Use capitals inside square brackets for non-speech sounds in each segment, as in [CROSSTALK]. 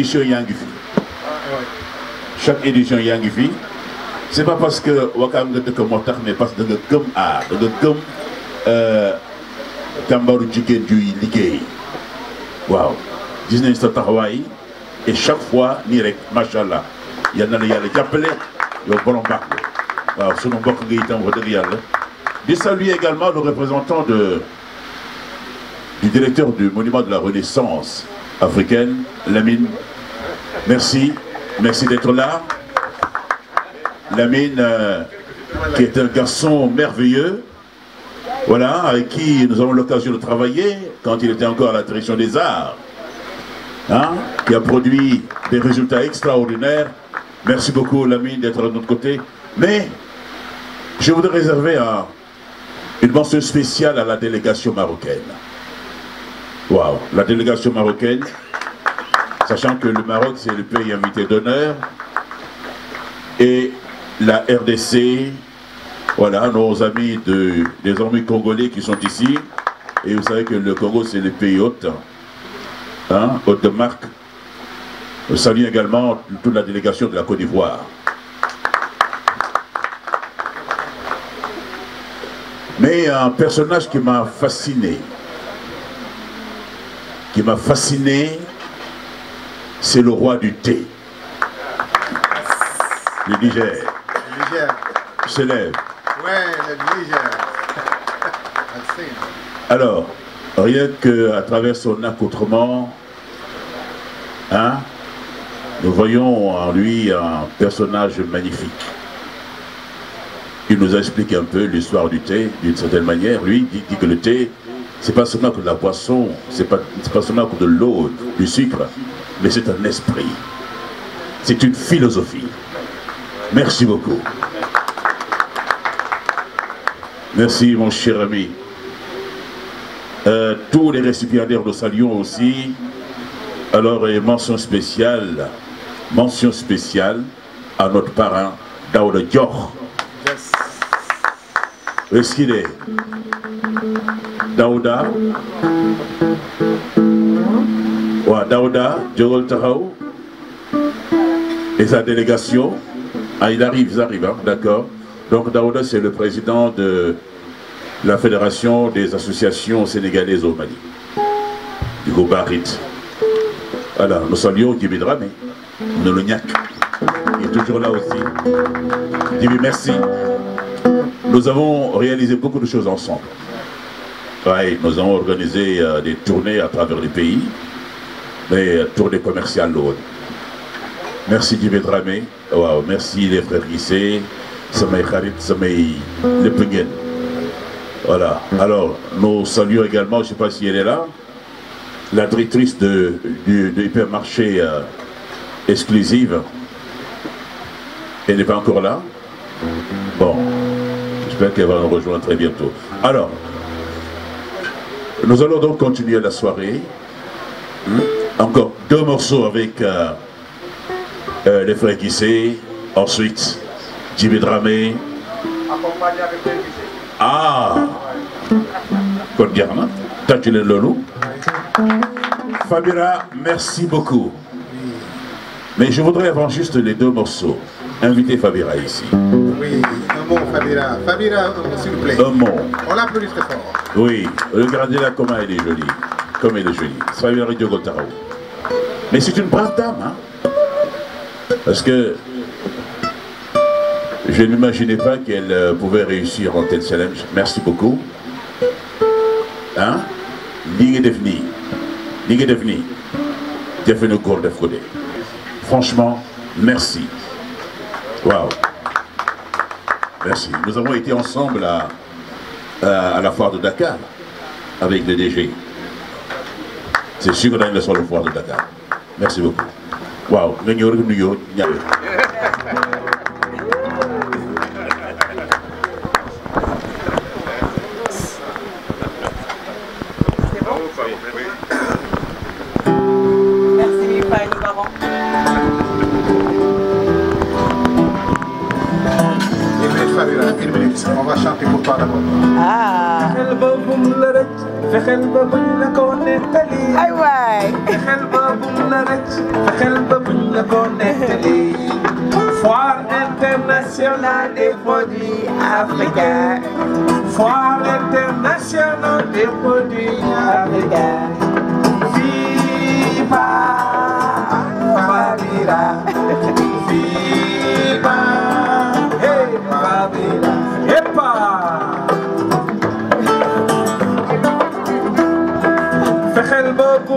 édition chaque édition Yangifi. c'est pas parce que Wakam de que mais parce que le nga à aar tambour du gué du jigéen juy liggéey waaw gis sa et chaque fois nii mashallah. Il yann yal les la yàlla jàppale yow borom baax la waaw sunu mbokk nga itam wax également le représentant de du directeur du monument de la renaissance africaine Lamine Merci. Merci d'être là. Lamine, euh, qui est un garçon merveilleux, voilà, avec qui nous avons l'occasion de travailler quand il était encore à la direction des arts, hein, qui a produit des résultats extraordinaires. Merci beaucoup, Lamine, d'être de notre côté. Mais je voudrais réserver une mention spéciale à la délégation marocaine. Waouh, la délégation marocaine sachant que le Maroc, c'est le pays invité d'honneur, et la RDC, voilà, nos amis de, des armées congolais qui sont ici, et vous savez que le Congo, c'est le pays hôte, hein, hôte de marque. Je salue également toute la délégation de la Côte d'Ivoire. Mais un personnage qui m'a fasciné, qui m'a fasciné c'est le roi du thé. Le Niger. Le Niger. Se lève. Ouais, le Niger. Alors, rien qu'à travers son accoutrement, hein, nous voyons en lui un personnage magnifique. Il nous explique un peu l'histoire du thé, d'une certaine manière. Lui dit, dit que le thé, c'est pas seulement que de la boisson, c'est pas, pas seulement que de l'eau, du sucre, mais c'est un esprit. C'est une philosophie. Merci beaucoup. Merci mon cher ami. Euh, tous les récipiendaires de saluons aussi. Alors, et euh, mention spéciale, mention spéciale à notre parrain Daouda Dior. est-ce qu'il est Daouda voilà, Daouda jógal taxaw et sa délégation ah il arrive ils arrivent hein, d'accord donc Daouda c'est le président de la fédération des associations sénégalaises au Mali Du Gobarit voilà nous saluons qui Dramé nous le il est toujours là aussi Djibi merci nous avons réalisé beaucoup de choses ensemble nous avons organisé euh, des tournées à travers les pays mais tournée des commerciales. merci Djiby Dramé merci les frères Guissé samay xarit samay le voilà alors nous saluons également je ne sais pas si elle est là la directrice de du hypermarché euh, exclusive elle n'est pas encore là bon j'espère qu'elle va nous rejoindre très bientôt alors nous allons donc continuer la soirée hmm? Encore deux morceaux avec euh, euh, les frères Guissé. Ensuite, Jimmy Dramé. Accompagné avec les Guissé. Ah Côte Garma, Tatulé Lolo. Fabira, merci beaucoup. Mais je voudrais avant juste les deux morceaux. Inviter Fabira ici. Oui, un mot Fabira. Fabira, s'il vous plaît. Un mot. On l'applaudit très fort. Oui, regardez-la comment elle est jolie. Comme elle est jolie. Fabira de Gotaro. Mais c'est une brave dame, hein? parce que je n'imaginais pas qu'elle euh, pouvait réussir en tel challenge. Merci beaucoup. Hein? Ligue de venir. Ligue de Frodé. Franchement, merci. Waouh. Merci. Nous avons été ensemble à, la foire de Dakar avec le DG. C'est sûr qu'on a une leçon de foire de Dakar. merci beaucoup waaw nga ñëw rek nuyoo ñaar on va chanter pour toi d'abord. ah. fexeel ba buñ la ko nettali. ay waay. foire internationale des produits africains foire internationale des produits africains Fabira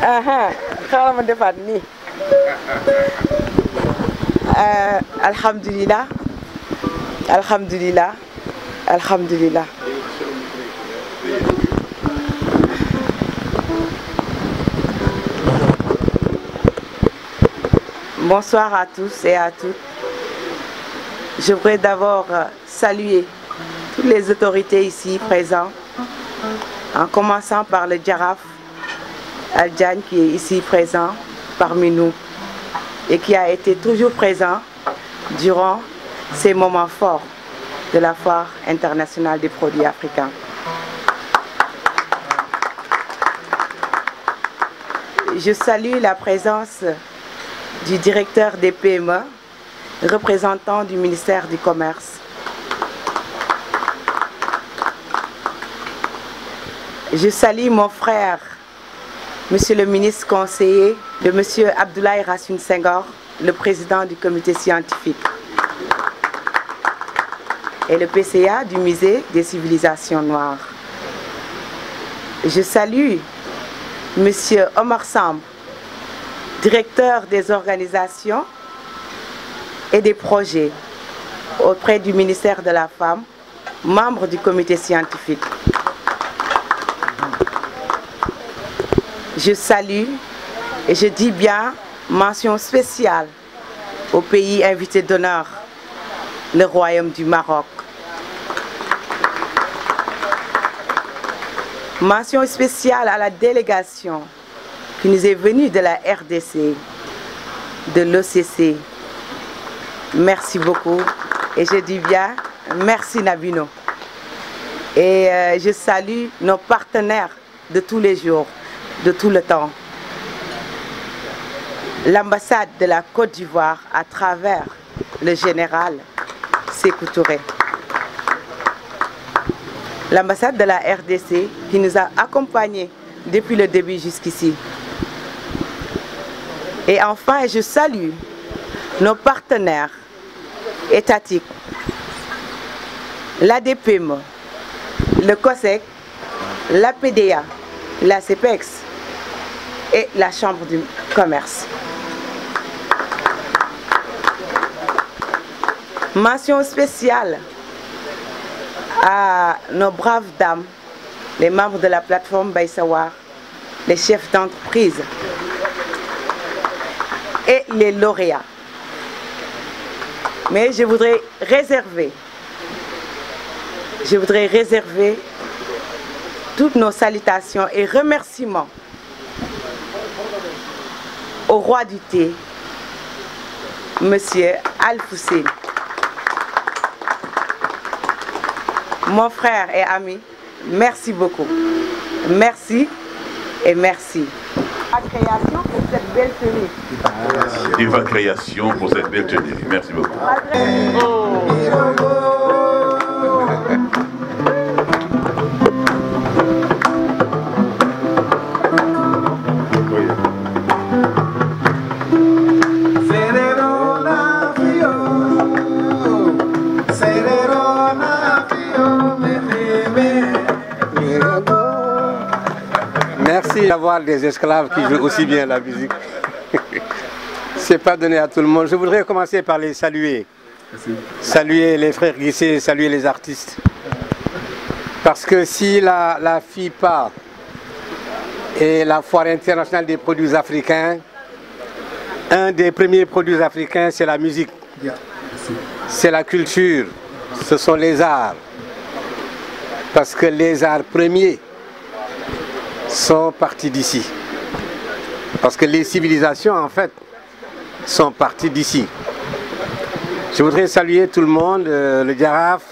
tu Alhamdulillah. Bonsoir à tous et à toutes. Je voudrais d'abord euh, saluer toutes les autorités ici présentes, en commençant par le Djaraf, jan qui est ici présent parmi nous et qui a été toujours présent durant ces moments forts de la Foire internationale des produits africains. Je salue la présence du directeur des PME, représentant du ministère du Commerce. Je salue mon frère Monsieur le ministre conseiller de Monsieur Abdoulaye Racine Senghor, le président du comité scientifique et le PCA du musée des civilisations noires. Je salue Monsieur Omar Sam, directeur des organisations et des projets auprès du ministère de la Femme, membre du comité scientifique. je salue et je dis bien mention spéciale au pays invité d'honneur, le Royaume du Maroc. Mention spéciale à la délégation qui nous est venue de la RDC, de l'OCC. Merci beaucoup et je dis bien merci Nabino. Et euh, je salue nos partenaires de tous les jours de tout le temps. L'ambassade de la Côte d'Ivoire à travers le général Sékou L'ambassade de la RDC qui nous a accompagnés depuis le début jusqu'ici. Et enfin, je salue nos partenaires étatiques, l'ADPM, le COSEC, e la PDA, la CPEX, et la Chambre du commerce. Mention spéciale à nos braves dames, les membres de la plateforme Baïsawar, les chefs d'entreprise et les lauréats. Mais je voudrais réserver, je voudrais réserver toutes nos salutations et remerciements au roi du thé, Monsieur al Mon frère et ami, merci beaucoup. Merci et merci. Viva Création pour cette belle tenue. Création pour cette belle tenue. Merci beaucoup. D'avoir des esclaves qui jouent aussi bien la musique. [LAUGHS] C'est pas donné à tout le monde. Je voudrais commencer par les saluer. Saluer les frères Guissé, saluer les artistes. Parce que si la, la FIPA est la Foire internationale des produits africains, un des premiers produits africains, c'est la musique. C'est la culture, ce sont les arts. Parce que les arts premiers sont partis d'ici. Parce que les civilisations, en fait, sont partis d'ici. Je voudrais saluer tout le monde, euh, le Diaraf,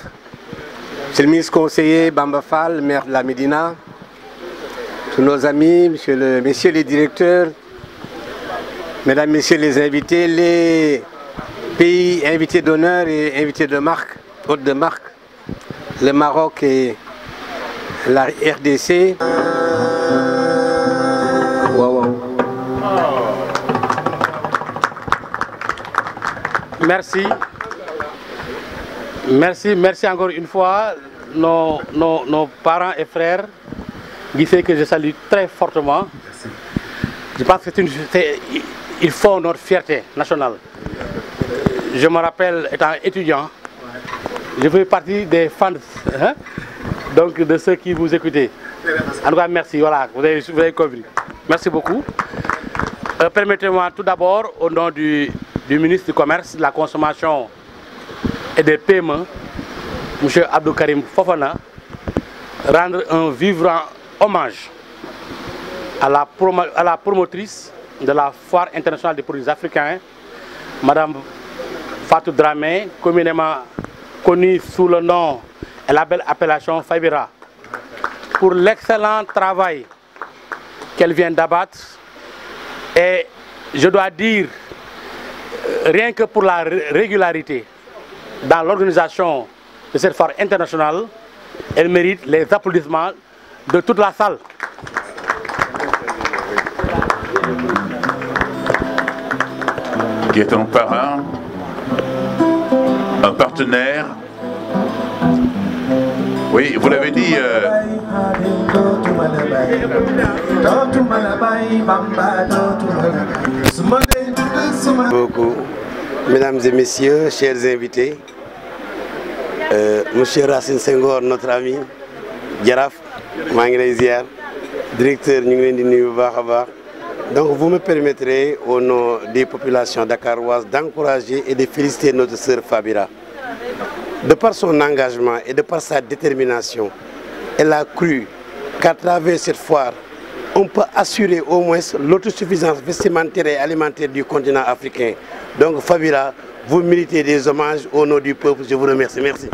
le ministre conseiller Bambafal, maire de la Médina, tous nos amis, monsieur messieurs les directeurs, mesdames, messieurs les invités, les pays invités d'honneur et invités de marque, hôtes de marque, le Maroc et la RDC. Merci. Merci, merci encore une fois nos, nos, parents et frères qui c'est que je salue très fortement. Je pense que c'est il faut notre fierté nationale. Je me rappelle étant étudiant, je fais partie des fans hein, donc de ceux qui vous écoutent. En tout cas, merci, voilà, vous avez, vous Merci beaucoup. Euh, permettez-moi tout d'abord, au nom du du ministre du Commerce, de la Consommation et des Paiements, M. Abdoukarim Fofana, rendre un vivant hommage à la, à la promotrice de la Foire internationale des produits africains, Mme Fatou Dramé, communément connue sous le nom et la belle appellation Faibira, pour l'excellent travail qu'elle vient d'abattre. Et je dois dire rien que pour la régularité dans l'organisation de cette foire internationale, elle mérite les applaudissements de toute la salle. Qui est un parrain, un partenaire. Oui, vous l'avez dit. Euh, beaucoup. Mesdames et messieurs, chers invités, euh, Monsieur Racine Senghor, notre ami, Djaraf, Mangrezier, directeur Donc vous me permettrez, au nom des populations dakaroises, d'encourager et de féliciter notre sœur Fabira. De par son engagement et de par sa détermination, elle a cru qu'à travers cette foire, on peut assurer au moins l'autosuffisance vestimentaire et alimentaire du continent africain. Donc Fabira, vous méritez des hommages au nom du peuple. Je vous remercie. Merci.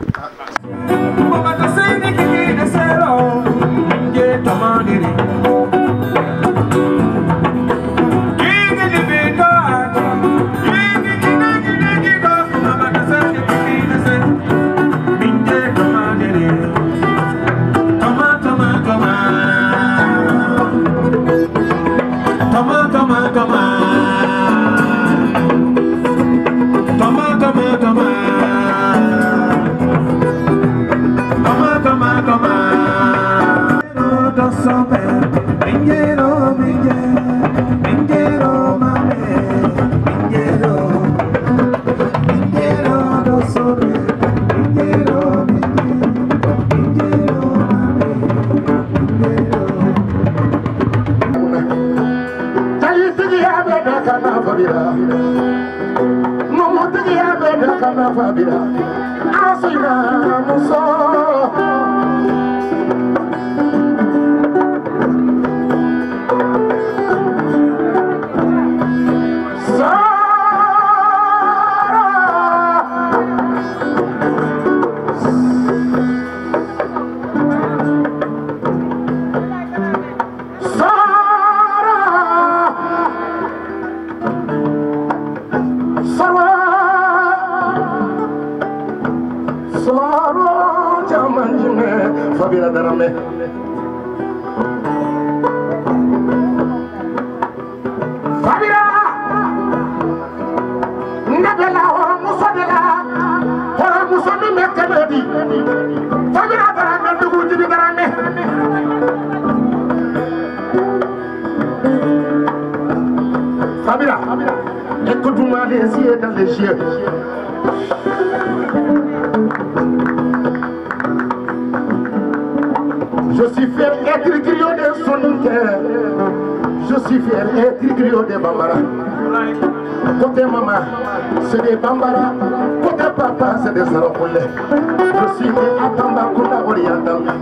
corazón.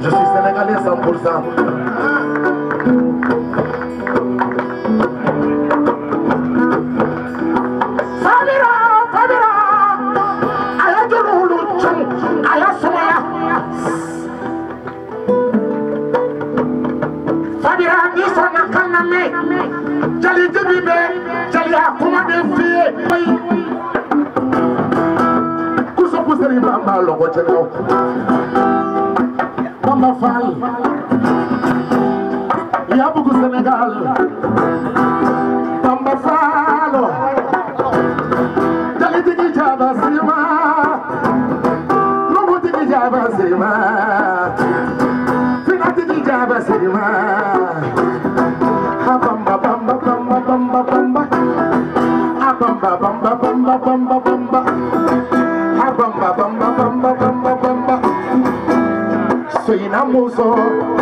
Je suis sénégalais 100%. Musa.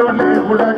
உடனே உடனே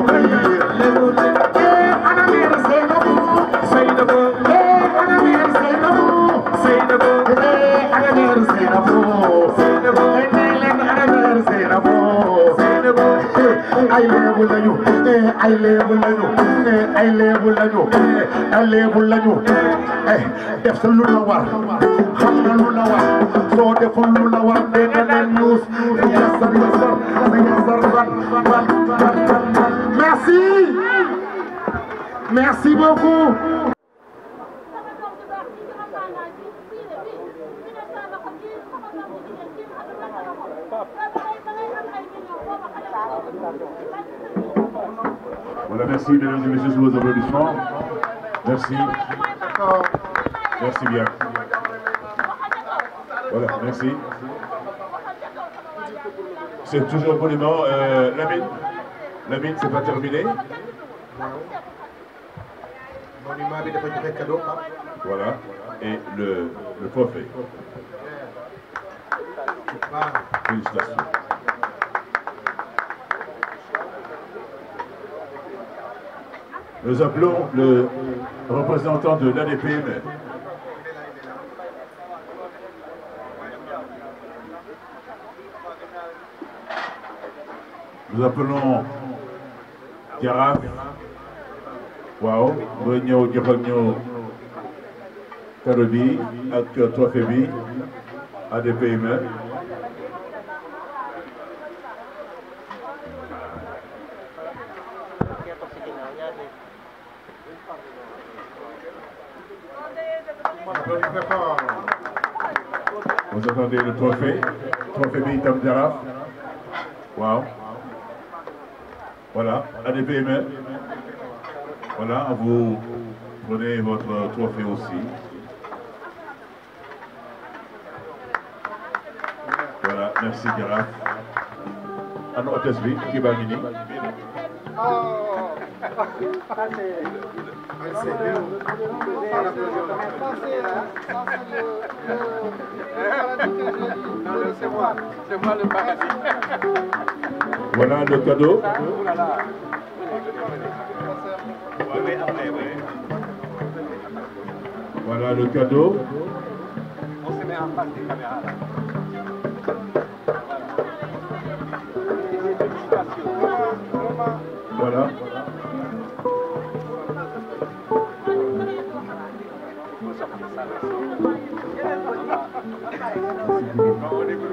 léebu lañu ay léebu lañu ay léebu lañu ay eh, def sa lu la war xam na lu la war soo deful lu la war dee nga naan ñuus du yasar yasar sa yasar ban ban ban ban merci merci beaucoup Thank you. Voilà, merci mesdames et messieurs sous vos applaudissements. Merci. Merci bien. Voilà, merci. C'est toujours poliment. Euh, la mine, la mine, c'est pas terminé. Voilà. Et le, le prophète. Félicitations. Nous appelons le représentant de l'ADPM. Nous appelons Diaraf. Waouh, Réunion Diaragno Karobi, acteur 3 ADPM. le trophée trophée BITAM Geraf. Wow. Voilà. voilà ADPME voilà vous prenez votre trophée aussi voilà merci jaraaf ana bien bi va baa ngi nii merci c'est moi, c'est moi le paradis. Voilà le cadeau. Voilà le cadeau. On se met en face voilà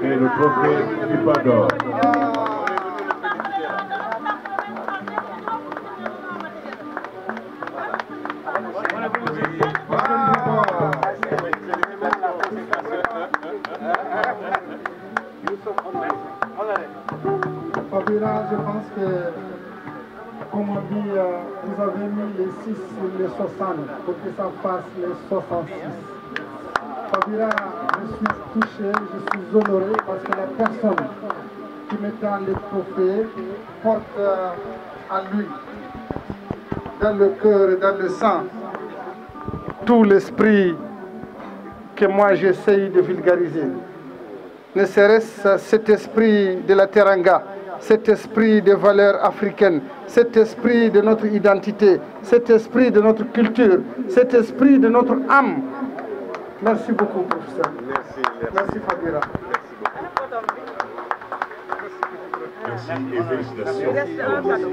et le trophée du Pador. Fabira, je pense que, comme on dit, euh, vous avez mis les 6 les 60 pour que ça fasse les 66. Fabira, je suis touché, je suis honoré parce que la personne qui m'étend les trophées porte euh, à lui, dans le cœur et dans le sang, tout l'esprit que moi j'essaye de vulgariser. Ne serait-ce cet esprit de la Teranga, cet esprit des valeurs africaines, cet esprit de notre identité, cet esprit de notre culture, cet esprit de notre âme Merci beaucoup, professeur. Merci, merci. Merci, Fabira. Merci beaucoup. Merci et félicitations.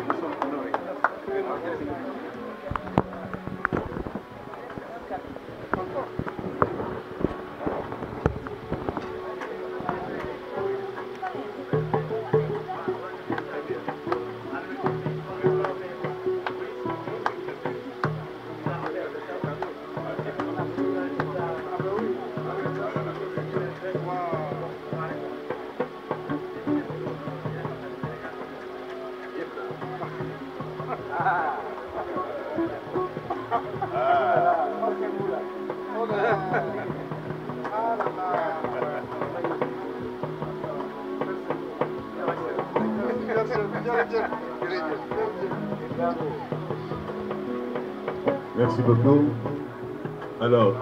Merci beaucoup. Alors,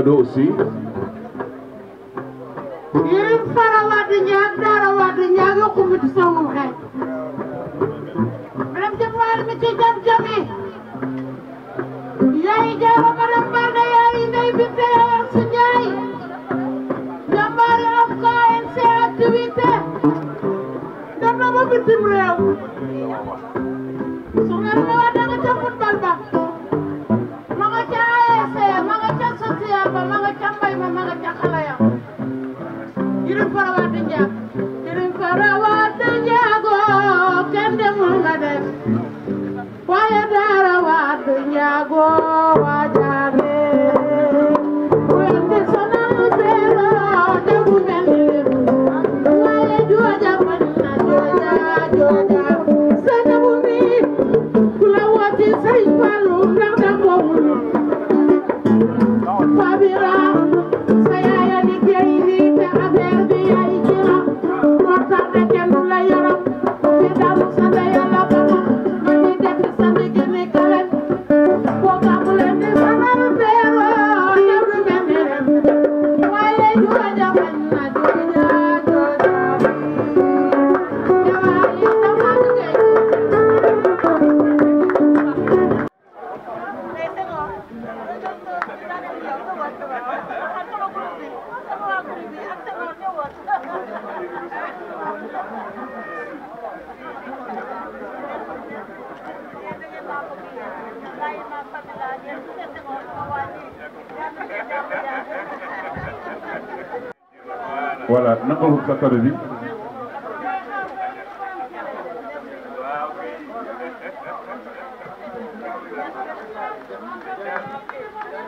cadeau aussi. Yërëm fara wadu ñaag dara wadu ñaag xumutu sawul xey. Madame Diawar mi ci jam jami. Yaay jaama madame Barda yaay ndey bi teewal su ñaay. Jàmbaar of KNC activité. Dem na ba bitim réew.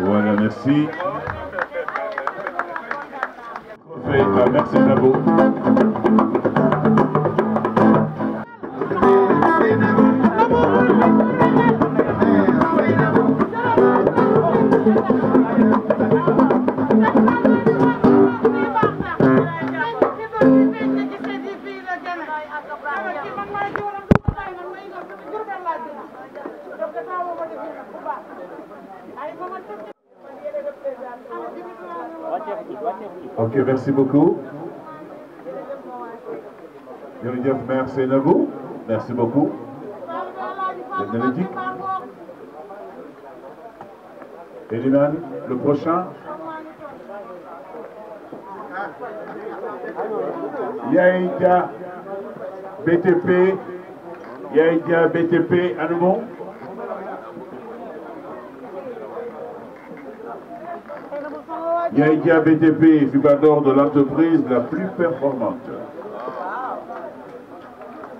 Voilà, merci. Euh, merci, bravo. vous. Merci beaucoup. Et le prochain. Yaïdia BTP. Yaïdia BTP à nouveau. Yaïdia BTP, Fubador de l'entreprise la plus performante.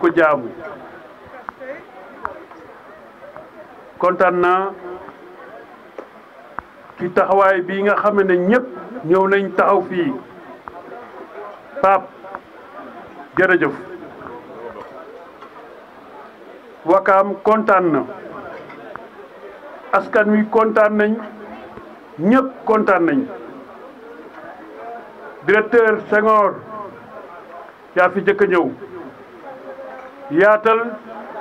ko jaamu kontaan naa ci taxawaay bii nga xam ne ñëpp ñëw nañ taxaw fii Paap jërëjëf Wakaam kontaan na askan wi kontaan nañ ñëpp kontaan nañ directeur Senghor yaa fi jëkk a ñëw yaatal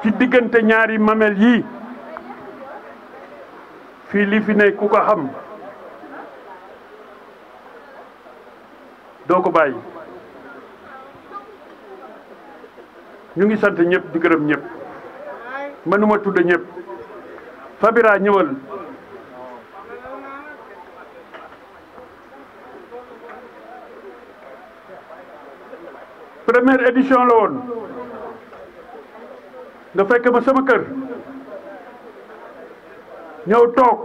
ci diggante ñaari mamel yi fi li fi ne ku ko xam doo ko bàyyi ñu ngi sant ñëpp di gërëm ñëpp mënuma tudd ñëpp fabira ñëwal première édition la woon nga fekk ma sama kër ñëw toog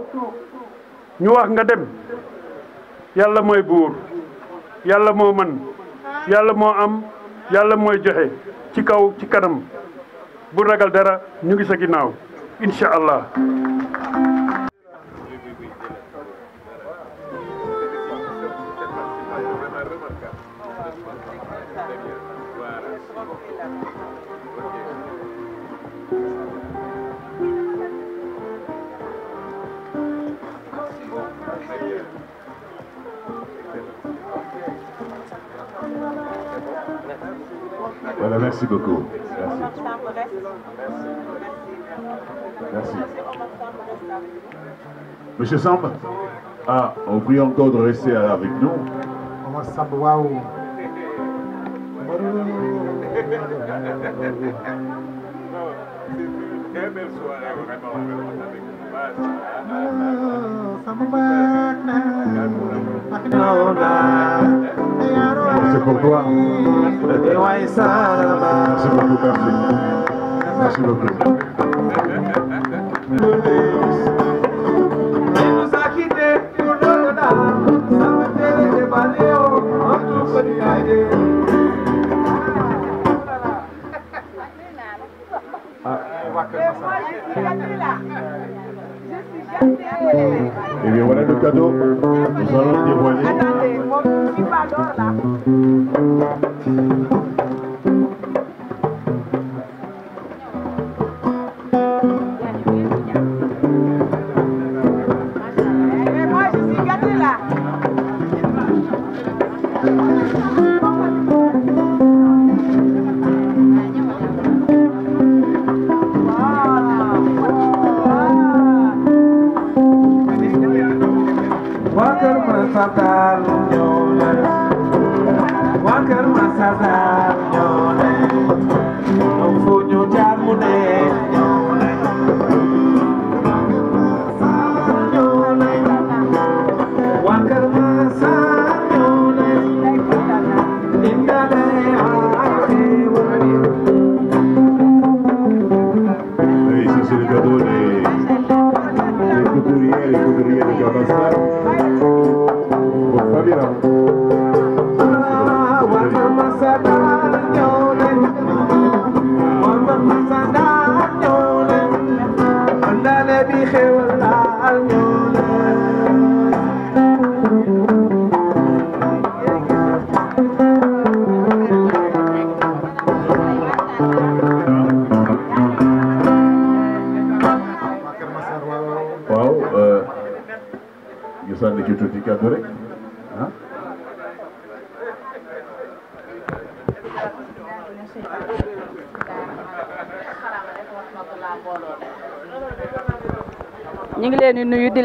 ñu wax nga dem yàlla ya mooy buur yàlla ya moo man yàlla ya moo am yàlla mooy joxe ci kaw ci kanam bu ragal dara ñu ngi sa ginnaaw incha allah Voilà, bah, merci beaucoup. Merci. Merci. Monsieur Samba, ah, on prie encore de rester avec nous. C'est pour toi. Merci beaucoup, merci. Merci beaucoup. Et bien voilà le cadeau. Nous allons dévoiler. 啊，对了。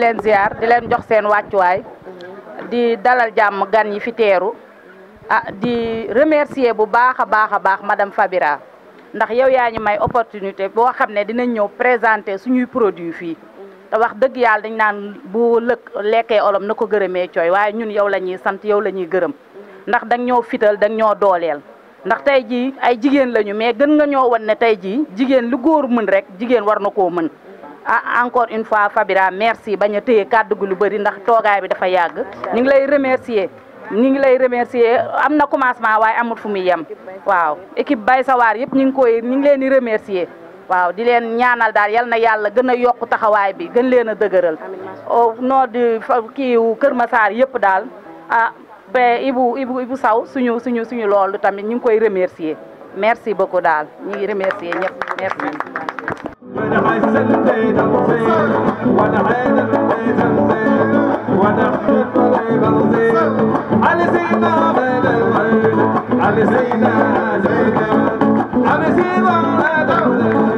leen ziar di leen jox seen wàccuwaay di dalal jàmm gan yi fi teeru a ah, di remercier bu baax a baax a baax ma madame Fabira ndax yow yaa ñu may opportunité boo xam ne dinañ ñëw présenter suñuy produit fii te wax dëgg yàlla dañ naan bu lëkk lekkee olom na ko gërëmee cooy waaye ñun yow la ñuy sant yow la ñuy gërëm ndax dañ ñoo fital dañ ñoo dooleel ndax tey jii ay jigéen lañu mais gën nga ñoo won ne tey jii jigéen lu góor mën rek jigéen war na koo mën ah encore une fois Fabira merci bañ a téye kàddu gi lu bëri ndax toogaay bi dafa yàgg ñu ngi lay remercier ñu ngi lay remercier am na commencement waaye amul fu muy yem waaw équipe Bay Sawaar yëpp ñu ngi koy ñu ngi leen di remercier waaw di leen ñaanal daal yal na yàlla gën a yokk taxawaay bi gën leen a dëgëral au nom du kii Kër Massar yëpp daal ah ba Ibu Ibu Ibu Saw suñu suñu suñu loolu tamit ñu ngi koy remercier merci beaucoup daal ñu ngi remercier ñëpp merci من حس البيت نزيل ونعين البيت نزيل ونحن الطريق نزيل على زينا على زينا زينا على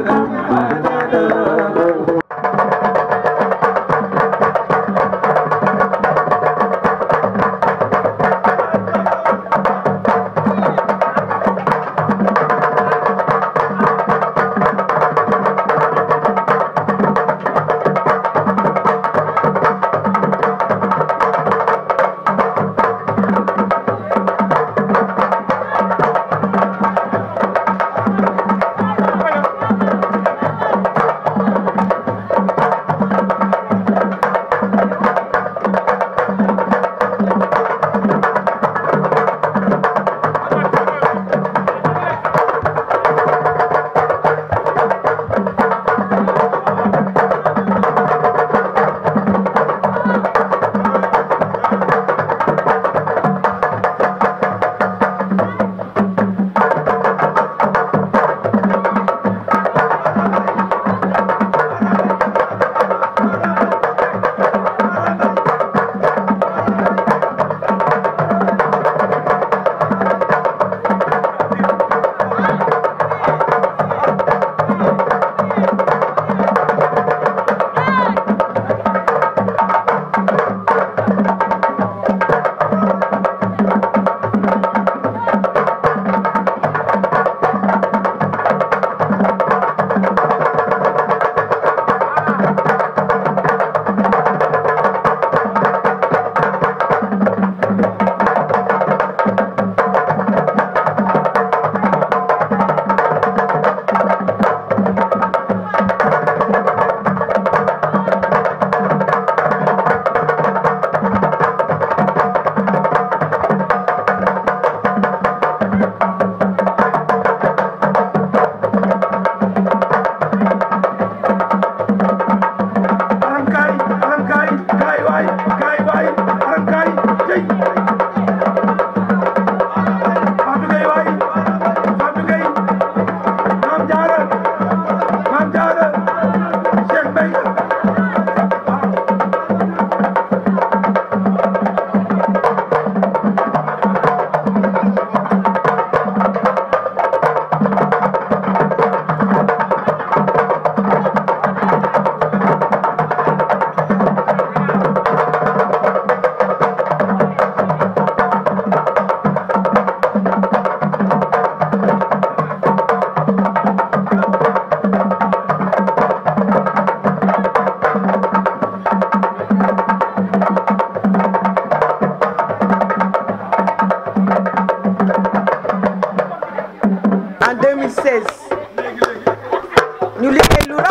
nous l'avons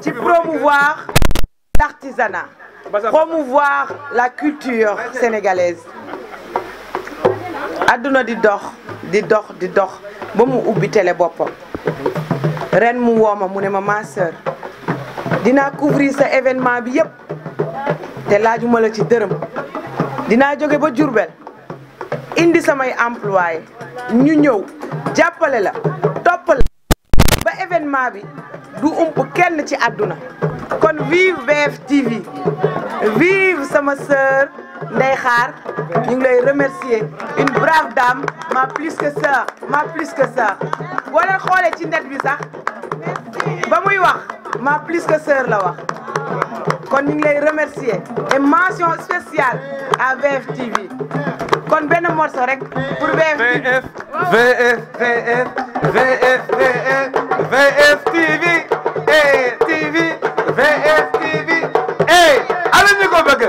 fait promouvoir l'artisanat promouvoir la culture sénégalaise Aduna di dox di dox di dox ba mu ubbi télé ren mu woma ma ma sœur Dina couvrir sa événement bi yépp té lajuma la ci dina ba indi samay employé ñu ñëw jàppale la topal ba événement bi du ump kenn vive VFTV vive sama sœur ñu une brave dame ma plus que ça, ma plus que ça. wala xolé ci net bi sax ba muy wax ma plus que sœur la remercier et mention spéciale à VFTV kon benn morceau rek pour VF VF VF VF VF VF TV eh TV VF TV eh ana ñu ko bëgg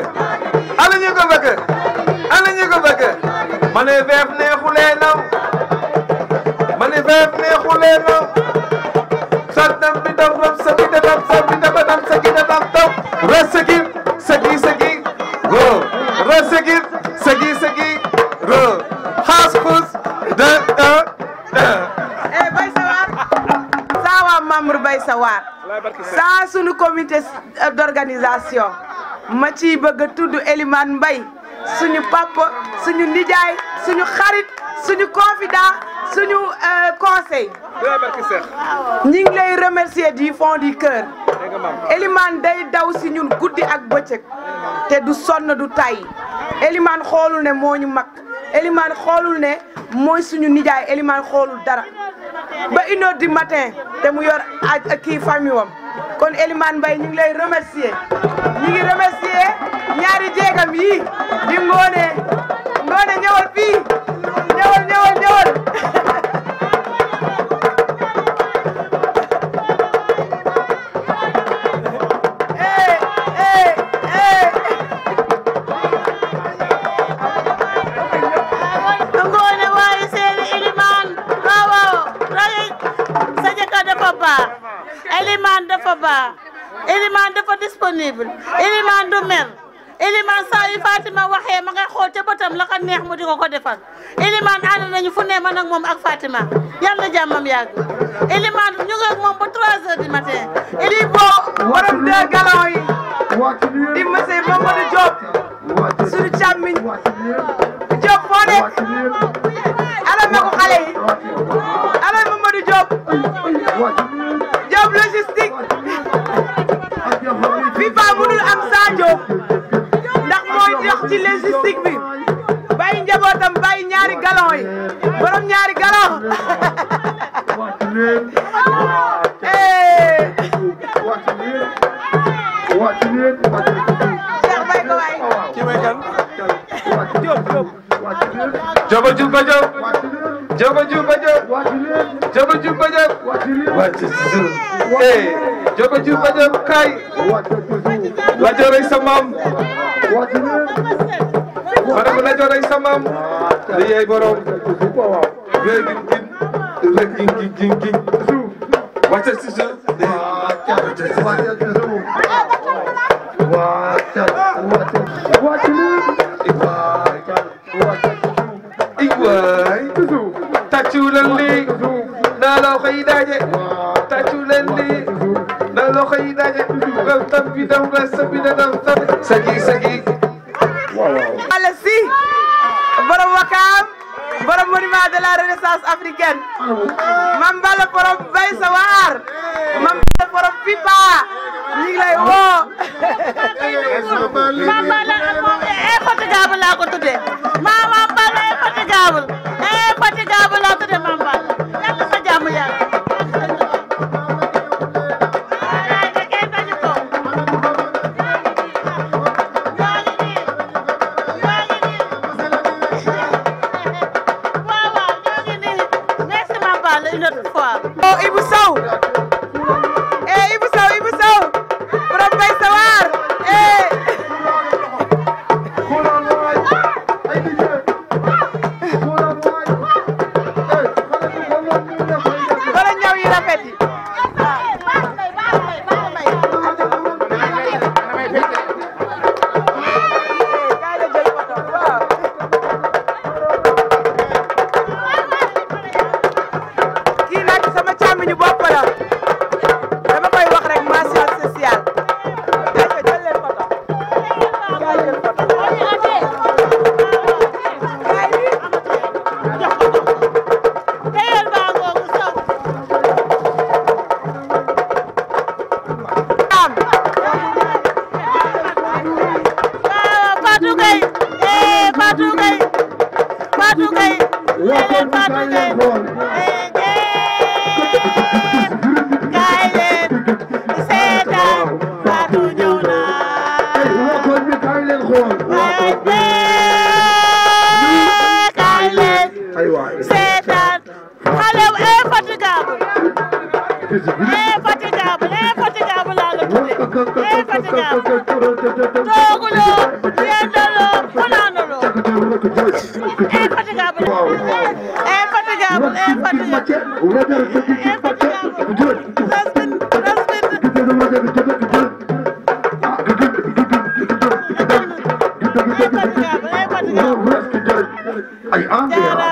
ana ñu ko bëgg ana ñu ko bëgg ma ne VF neexulee naw ma ne VF neexulee naw sa dam bi dam sa bi dam sa bi dam sa ki dam taw reste ki membre bay sa waar saa sunu comité euh, ma ci bëgg a tudd Elimane mbay suñu papa suñu nijaay suñu xarit suñu confident suñu euh, conseil ñi ngi lay remercier du fond du cœur Elimane day daw si ñun guddi ak bëccëg te du sonn du tàyyi Elimane xoolul ne moo mag Elimane xoolul ne mooy suñu nijaay Elimane xoolul dara ba une di du matin te mu yor ak kii famille wam kon Elimane Mbaye ñu lay remercier ñu ngi remercier ñaari jéegam yi di ngoone ngoone ñëwal fii ñëwal ñëwal ñëwal [LAUGHS] Elimane dafa disponible Elimane du mer Elimane saa yu Fatima waxee ma ngay xool ca bëtam la ko neex mu di ko ko defal Elimane fu ne man moom ak Fatima yàlla jàmmam yàgg Elimane ñu ngi moom ba 3 heures du matin. di boo waram deux galons yi di monsieur Mamadou Diop suñu càmmiñ Diop foo nekk ana magu xale yi ana Mamadou Diop Diop logistique. FIFA mënul am Sadio ndax mooy dox ci logistique bi bàyyi njabootam bàyyi ñaari galon yi borom ñaari galon Jaba juba jab Jaba juba jab belajar dari samam. Mana belajar dari samam? Dia borong. Dia jing jing, jing jing jing jing. Baca sisa. Baca sisa. sëgi sëgi waaw waaw wala si borom wakaam borom monument de la renaissance africaine